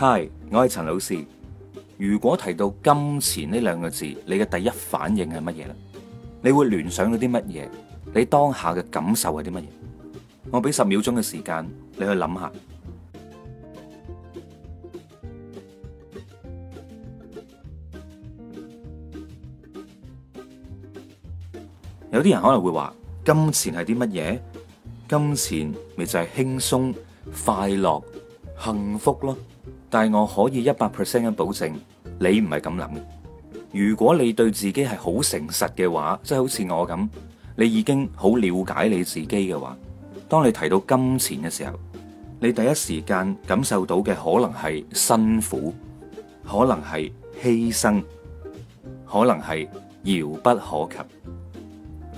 嗨，我係陳老師。如果提到金錢呢兩個字，你嘅第一反應係乜嘢啦？你會聯想到啲乜嘢？你當下嘅感受係啲乜嘢？我俾十秒鐘嘅時間，你去諗下。有啲人可能會話，金錢係啲乜嘢？金錢咪就係輕鬆、快樂、幸福咯。但係我可以一百 percent 保證，你唔係咁諗。如果你對自己係好誠實嘅話，即係好似我咁，你已經好了解你自己嘅話，當你提到金錢嘅時候，你第一時間感受到嘅可能係辛苦，可能係犧牲，可能係遙不可及，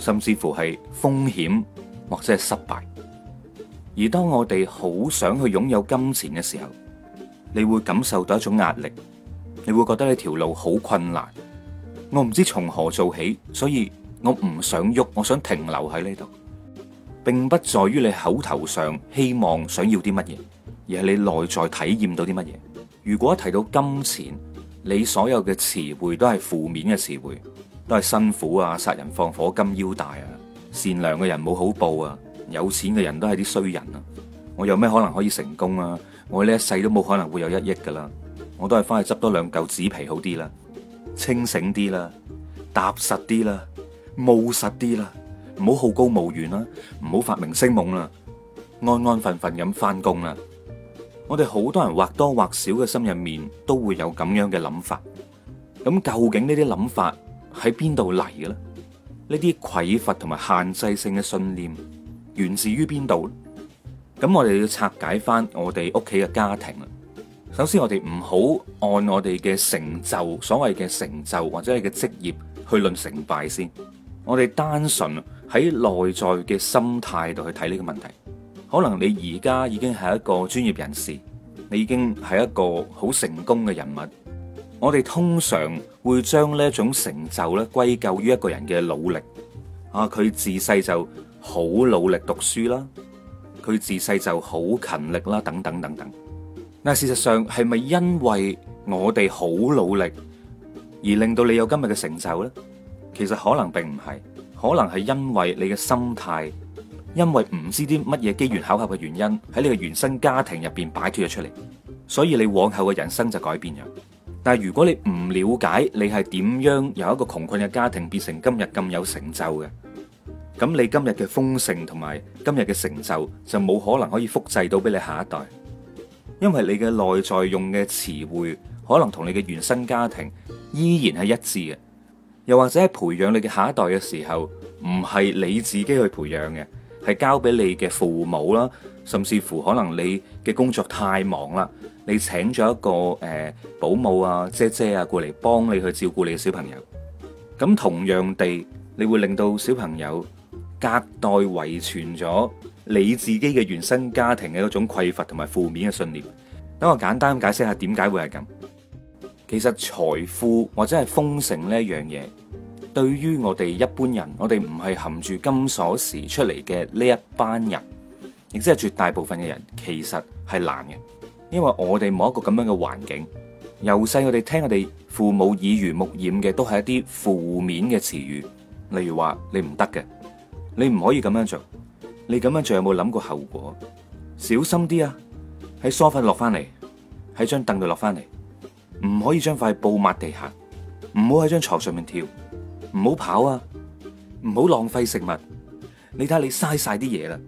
甚至乎係風險，或者係失敗。而當我哋好想去擁有金錢嘅時候，你會感受到一種壓力，你會覺得呢條路好困難，我唔知從何做起，所以我唔想喐，我想停留喺呢度，並不在於你口頭上希望想要啲乜嘢，而係你內在體驗到啲乜嘢。如果提到金錢，你所有嘅詞彙都係負面嘅詞彙，都係辛苦啊、殺人放火、金腰帶啊、善良嘅人冇好報啊、有錢嘅人都係啲衰人啊。我有咩可能可以成功啊？我呢一世都冇可能會有一億噶啦，我都係翻去執多兩嚿紙皮好啲啦，清醒啲啦，踏實啲啦，務實啲啦，唔好好高騖遠啦，唔好發明星夢啦，安安分分咁翻工啦。我哋好多人或多或少嘅心入面都會有咁樣嘅諗法。咁究竟呢啲諗法喺邊度嚟嘅咧？呢啲匱乏同埋限制性嘅信念源自於邊度？咁我哋要拆解翻我哋屋企嘅家庭啦。首先，我哋唔好按我哋嘅成就，所謂嘅成就或者你嘅職業去論成敗先。我哋單純喺內在嘅心態度去睇呢個問題。可能你而家已經係一個專業人士，你已經係一個好成功嘅人物。我哋通常會將呢種成就咧歸咎於一個人嘅努力。啊，佢自細就好努力讀書啦。佢自細就好勤力啦，等等等等。但事實上係咪因為我哋好努力而令到你有今日嘅成就呢？其實可能並唔係，可能係因為你嘅心態，因為唔知啲乜嘢機緣巧合嘅原因，喺你嘅原生家庭入邊擺脫咗出嚟，所以你往後嘅人生就改變咗。但係如果你唔了解你係點樣由一個窮困嘅家庭變成今日咁有成就嘅。咁你今日嘅豐盛同埋今日嘅成就就冇可能可以複製到俾你下一代，因為你嘅內在用嘅詞彙可能同你嘅原生家庭依然係一致嘅，又或者係培養你嘅下一代嘅時候，唔係你自己去培養嘅，係交俾你嘅父母啦，甚至乎可能你嘅工作太忙啦，你請咗一個誒保姆啊、姐姐啊過嚟幫你去照顧你嘅小朋友，咁同樣地，你會令到小朋友。隔代遺傳咗你自己嘅原生家庭嘅嗰種匱乏同埋負面嘅信念。等我簡單解釋下點解會係咁。其實財富或者係豐盛呢一樣嘢，對於我哋一般人，我哋唔係含住金鎖匙出嚟嘅呢一班人，亦即係絕大部分嘅人，其實係難嘅，因為我哋冇一個咁樣嘅環境。由細我哋聽，我哋父母耳濡目染嘅都係一啲負面嘅詞語，例如話你唔得嘅。你唔可以咁樣做，你咁樣做有冇諗過後果？小心啲啊！喺梳化落翻嚟，喺張凳度落翻嚟，唔可以將塊布抹地下，唔好喺張床上面跳，唔好跑啊！唔好浪費食物，你睇下你嘥晒啲嘢啦！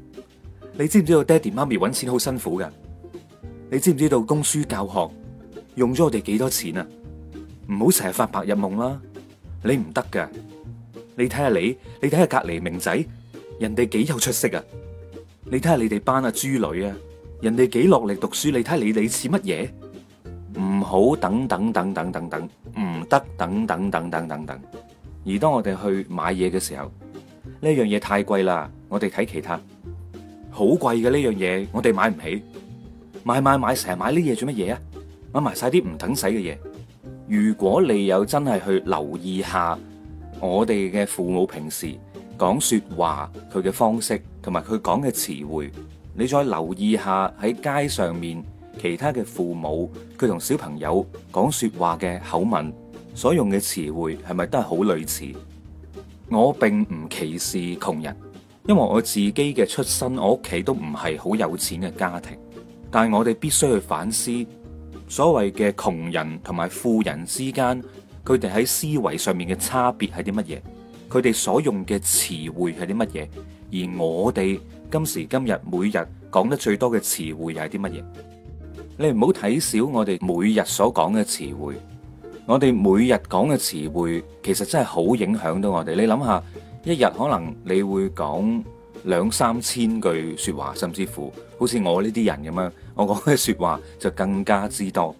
你知唔知道爹哋媽咪搵錢好辛苦噶？你知唔知道供書教學用咗我哋幾多錢啊？唔好成日發白日夢啦！你唔得噶，你睇下你，你睇下隔籬明仔。人哋幾有出息啊！你睇下你哋班啊，豬女啊，人哋幾落力讀書，你睇下你哋似乜嘢？唔好等等等等等等，唔得等等等等等等。而當我哋去買嘢嘅時候，呢樣嘢太貴啦，我哋睇其他。好貴嘅呢樣嘢，我哋買唔起。買買買，成日買呢嘢做乜嘢啊？買埋晒啲唔等使嘅嘢。如果你有真係去留意下我哋嘅父母平時講說話佢嘅方式，同埋佢講嘅詞彙，你再留意下喺街上面其他嘅父母，佢同小朋友講說話嘅口吻，所用嘅詞彙係咪都係好類似？我並唔歧視窮人，因為我自己嘅出身，我屋企都唔係好有錢嘅家庭，但係我哋必須去反思所謂嘅窮人同埋富人之間，佢哋喺思維上面嘅差別係啲乜嘢？佢哋所用嘅詞彙係啲乜嘢？而我哋今時今日每日講得最多嘅詞彙又係啲乜嘢？你唔好睇少我哋每日所講嘅詞彙，我哋每日講嘅詞彙其實真係好影響到我哋。你諗下，一日可能你會講兩三千句說話，甚至乎好似我呢啲人咁樣，我講嘅說話就更加之多。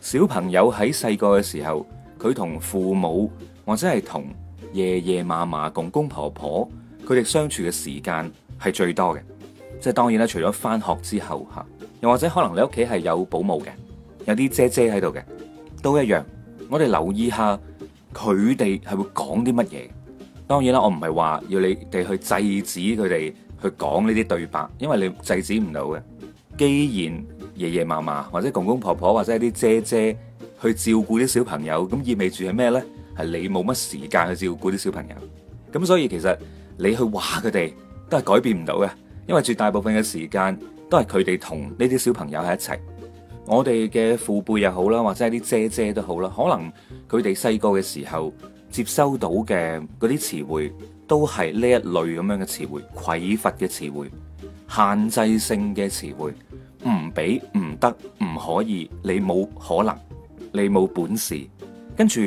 小朋友喺細個嘅時候，佢同父母或者係同。爺爺嫲嫲、公公婆婆，佢哋相處嘅時間係最多嘅，即係當然啦。除咗翻學之後吓，又或者可能你屋企係有保姆嘅，有啲姐姐喺度嘅，都一樣。我哋留意下佢哋係會講啲乜嘢。當然啦，我唔係話要你哋去制止佢哋去講呢啲對白，因為你制止唔到嘅。既然爺爺嫲嫲或者公公婆婆或者啲姐姐去照顧啲小朋友，咁意味住係咩呢？係你冇乜時間去照顧啲小朋友，咁所以其實你去話佢哋都係改變唔到嘅，因為絕大部分嘅時間都係佢哋同呢啲小朋友喺一齊。我哋嘅父輩又好啦，或者係啲姐姐都好啦，可能佢哋細個嘅時候接收到嘅嗰啲詞彙都係呢一類咁樣嘅詞彙，匱乏嘅詞彙，限制性嘅詞彙，唔俾、唔得、唔可以、你冇可能、你冇本事，跟住。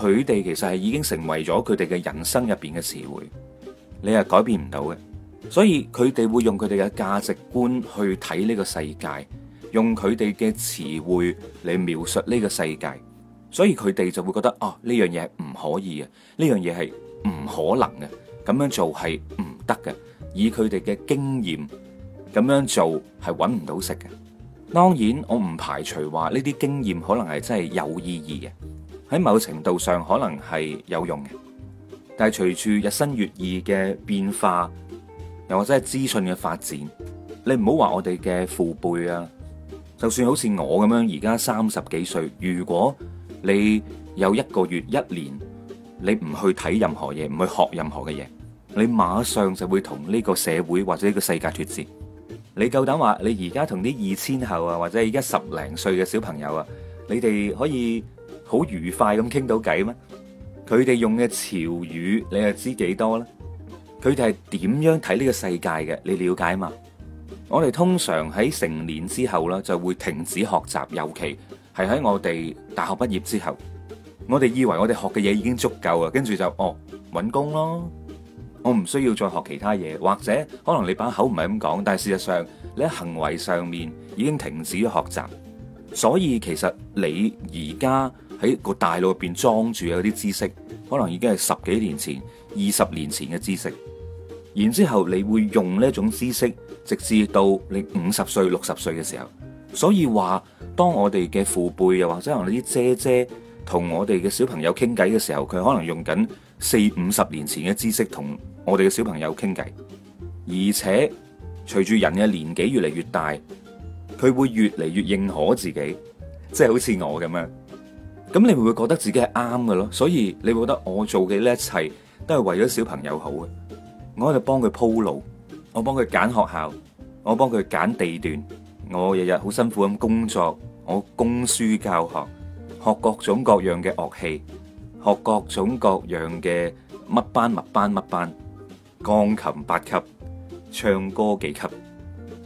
佢哋其實係已經成為咗佢哋嘅人生入邊嘅詞彙，你係改變唔到嘅。所以佢哋會用佢哋嘅價值觀去睇呢個世界，用佢哋嘅詞彙嚟描述呢個世界。所以佢哋就會覺得哦，呢樣嘢係唔可以嘅，呢樣嘢係唔可能嘅，咁樣做係唔得嘅，以佢哋嘅經驗，咁樣做係揾唔到食嘅。當然，我唔排除話呢啲經驗可能係真係有意義嘅。喺某程度上可能係有用嘅，但係隨住日新月異嘅變化，又或者係資訊嘅發展，你唔好話我哋嘅父輩啊，就算好似我咁樣而家三十幾歲，如果你有一個月、一年，你唔去睇任何嘢，唔去學任何嘅嘢，你馬上就會同呢個社會或者呢個世界脫節。你夠膽話你而家同啲二千後啊，或者而家十零歲嘅小朋友啊，你哋可以，好愉快咁傾到偈咩？佢哋用嘅潮語，你又知幾多咧？佢哋係點樣睇呢個世界嘅？你了解啊嘛？我哋通常喺成年之後咧，就會停止學習，尤其係喺我哋大學畢業之後，我哋以為我哋學嘅嘢已經足夠啊，跟住就哦搵工咯，我唔需要再學其他嘢，或者可能你把口唔係咁講，但係事實上你喺行為上面已經停止咗學習，所以其實你而家，喺個大腦入邊裝住嗰啲知識，可能已經係十幾年前、二十年前嘅知識。然之後你會用呢一種知識，直至到你五十歲、六十歲嘅時候。所以話，當我哋嘅父輩又或者可能啲姐姐同我哋嘅小朋友傾偈嘅時候，佢可能用緊四五十年前嘅知識同我哋嘅小朋友傾偈。而且隨住人嘅年紀越嚟越大，佢會越嚟越認可自己，即係好似我咁樣。咁你會唔會覺得自己係啱嘅咯，所以你會覺得我做嘅呢一切都係為咗小朋友好嘅，我就幫佢鋪路，我幫佢揀學校，我幫佢揀地段，我日日好辛苦咁工作，我供書教學，學各種各樣嘅樂器，學各種各樣嘅乜班乜班乜班，鋼琴八級，唱歌幾級，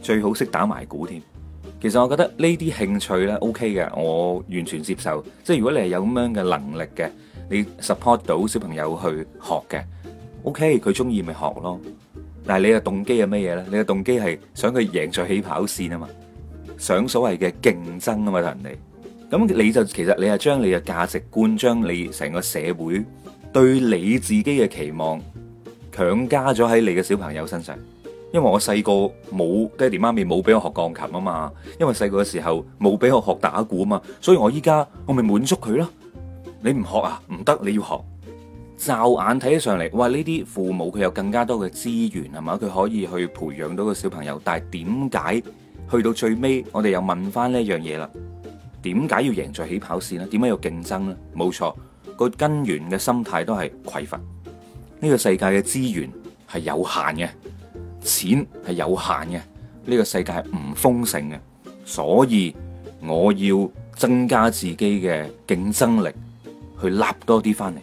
最好識打埋鼓添。其實我覺得呢啲興趣咧 OK 嘅，我完全接受。即係如果你係有咁樣嘅能力嘅，你 support 到小朋友去學嘅，OK，佢中意咪學咯。但係你嘅動機係咩嘢咧？你嘅動機係想佢贏在起跑線啊嘛，想所謂嘅競爭啊嘛同人哋。咁你就其實你係將你嘅價值觀，將你成個社會對你自己嘅期望強加咗喺你嘅小朋友身上。因為我細個冇爹地媽咪冇俾我學鋼琴啊嘛，因為細個嘅時候冇俾我學打鼓啊嘛，所以我依家我咪滿足佢咯。你唔學啊，唔得，你要學。驟眼睇起上嚟，哇！呢啲父母佢有更加多嘅資源係嘛，佢可以去培養到個小朋友。但係點解去到最尾，我哋又問翻呢樣嘢啦？點解要贏在起跑線咧？點解要競爭呢？冇錯，個根源嘅心態都係匱乏。呢個世界嘅資源係有限嘅。錢係有限嘅，呢個世界係唔豐盛嘅，所以我要增加自己嘅競爭力，去立多啲翻嚟。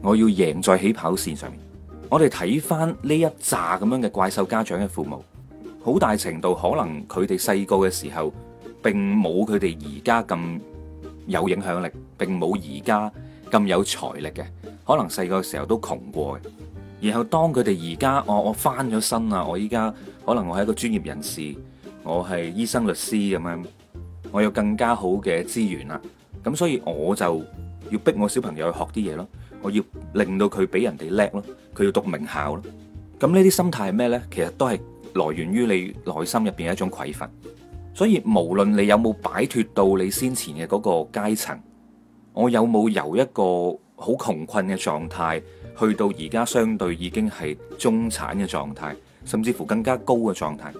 我要贏在起跑線上面。我哋睇翻呢一紮咁樣嘅怪獸家長嘅父母，好大程度可能佢哋細個嘅時候，並冇佢哋而家咁有影響力，並冇而家咁有財力嘅，可能細個嘅時候都窮過嘅。然後當佢哋而家我我翻咗身啦，我依家可能我係一個專業人士，我係醫生、律師咁樣，我有更加好嘅資源啦。咁所以我就要逼我小朋友去學啲嘢咯，我要令到佢畀人哋叻咯，佢要讀名校咯。咁呢啲心態係咩呢？其實都係來源於你內心入邊一種匱乏。所以無論你有冇擺脫到你先前嘅嗰個階層，我有冇由一個好窮困嘅狀態？去到而家，相對已經係中產嘅狀態，甚至乎更加高嘅狀態。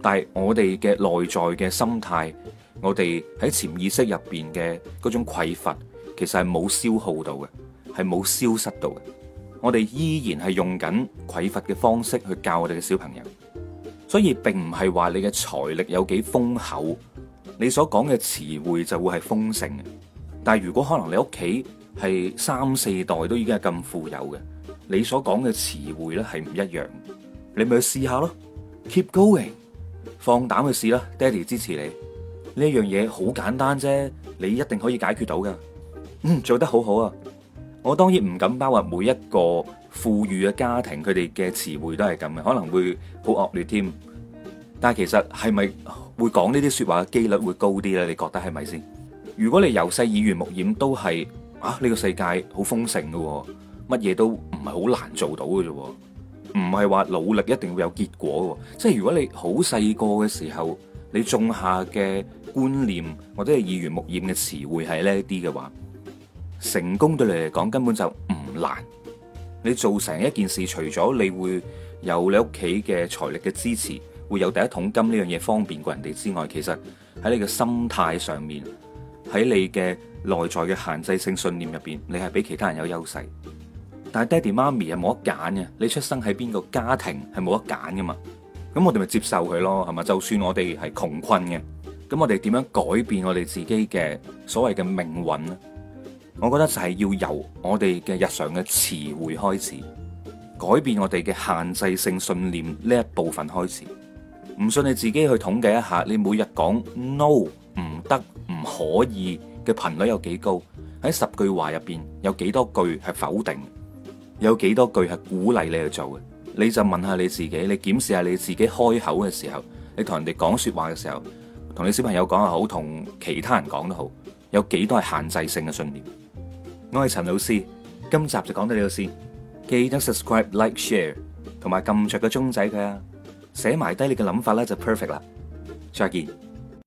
但係我哋嘅內在嘅心態，我哋喺潛意識入邊嘅嗰種匱乏，其實係冇消耗到嘅，係冇消失到嘅。我哋依然係用緊匱乏嘅方式去教我哋嘅小朋友。所以並唔係話你嘅財力有幾豐厚，你所講嘅詞彙就會係豐盛嘅。但係如果可能，你屋企。係三四代都已經係咁富有嘅，你所講嘅詞彙咧係唔一樣，你咪去試下咯，Keep going，放膽去試啦，爹哋支持你。呢樣嘢好簡單啫，你一定可以解決到㗎。嗯，做得好好啊！我當然唔敢包話每一個富裕嘅家庭，佢哋嘅詞彙都係咁嘅，可能會好惡劣添。但係其實係咪會講呢啲説話嘅機率會高啲咧？你覺得係咪先？如果你由細耳濡目染都係。啊！呢個世界好豐盛嘅，乜嘢都唔係好難做到嘅啫，唔係話努力一定會有結果嘅。即係如果你好細個嘅時候，你種下嘅觀念或者係耳濡目染嘅詞彙係呢一啲嘅話，成功對你嚟講根本就唔難。你做成一件事，除咗你會有你屋企嘅財力嘅支持，會有第一桶金呢樣嘢方便過人哋之外，其實喺你嘅心態上面，喺你嘅內在嘅限制性信念入邊，你係比其他人有優勢。但係爹哋媽咪係冇得揀嘅，你出生喺邊個家庭係冇得揀噶嘛？咁我哋咪接受佢咯，係咪？就算我哋係窮困嘅，咁我哋點樣改變我哋自己嘅所謂嘅命運呢？我覺得就係要由我哋嘅日常嘅詞彙開始，改變我哋嘅限制性信念呢一部分開始。唔信你自己去統計一下，你每日講 no。唔得、唔可以嘅頻率有幾高？喺十句話入邊有幾多句係否定？有幾多句係鼓勵你去做嘅？你就問下你自己，你檢視下你自己開口嘅時候，你同人哋講說話嘅時候，同你小朋友講又好，同其他人講都好，有幾多係限制性嘅信念？我係陳老師，今集就講到呢度先。記得 subscribe、like、share，同埋撳着個鐘仔佢啊！寫埋低你嘅諗法咧就 perfect 啦。再見。